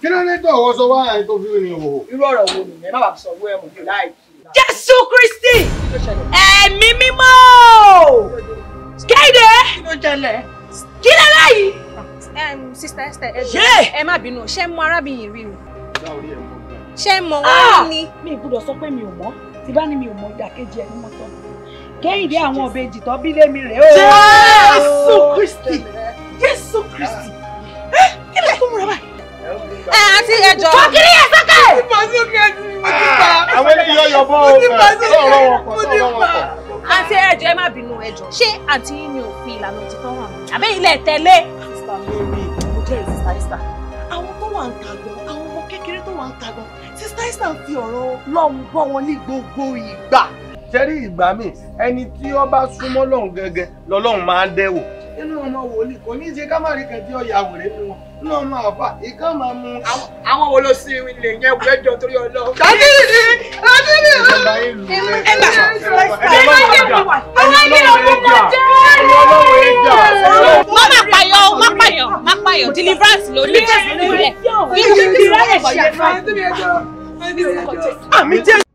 kí ló ní tó ọwọ́ sọ wá àyè tó fi rìn òwò. irú ọ̀rọ̀ wo nìyẹn má bàa sọ owó ẹ̀mú yóò láì kí. jésù kristi ẹ̀mí mímọ́ kéde kí ló láyìí. sista Esther ẹ jẹ ẹ má bínú ṣé mọ arábìnrin rí o ṣé mọ wọn ni. mi gbọ́dọ̀ sọ pé mi ò mọ̀ tí bá ní mi ò mọ̀ ìdàkejì ẹni mọ́tọ́ kẹ́hìndé àwọn òbejì tó bí lémi rèé o. jésù sí ẹjọ́. mo kiri yẹn sókè. mo ti pa sókè mo ti pa. àwọn eléyìí yọyọ bọ ọ ọ̀rọ̀ wọn kọ ọ̀rọ̀ wọn kọ. àǹtí ẹjọ́ ẹ má bínú ẹjọ́ ṣé àǹtí yín ni òfin ìlànà òtítọ́ hàn mí àbẹ́ ilẹ̀ tẹ̀lé. sista mary mo jẹ́ sista sista àwọn tó wà ń kàgbọ́n àwọn ọmọ kékeré tó wà ń kàgbọ́n sista sista ń fi ọ̀rọ̀ lọ́hùn bọ́ wọn ní gbogbo ìgbà. ṣé rí ìgbà míì ẹni tí ó bá súnmọ́ lọ́hùn gẹ́gẹ́ lọ́lọ́hùn máa ń dẹ́wò nínú ọmọ wòlíì kò ní í ṣe kámárì kan tí ọ̀yà wèrè nu wọn nínú ọmọ àfà ìkan máa mu. àwọn wo ló sin ilé yẹn wúlẹ̀ torí ọlọ. dájú ni dájú ni. ẹ bá ẹ bá yẹ mi wà àwọn ilé ọmọ mọ jẹ. má má payọ má payọ má payọ deliverance ló ní. deliverance ló ní. deliverance ló ní. àmì jẹ́.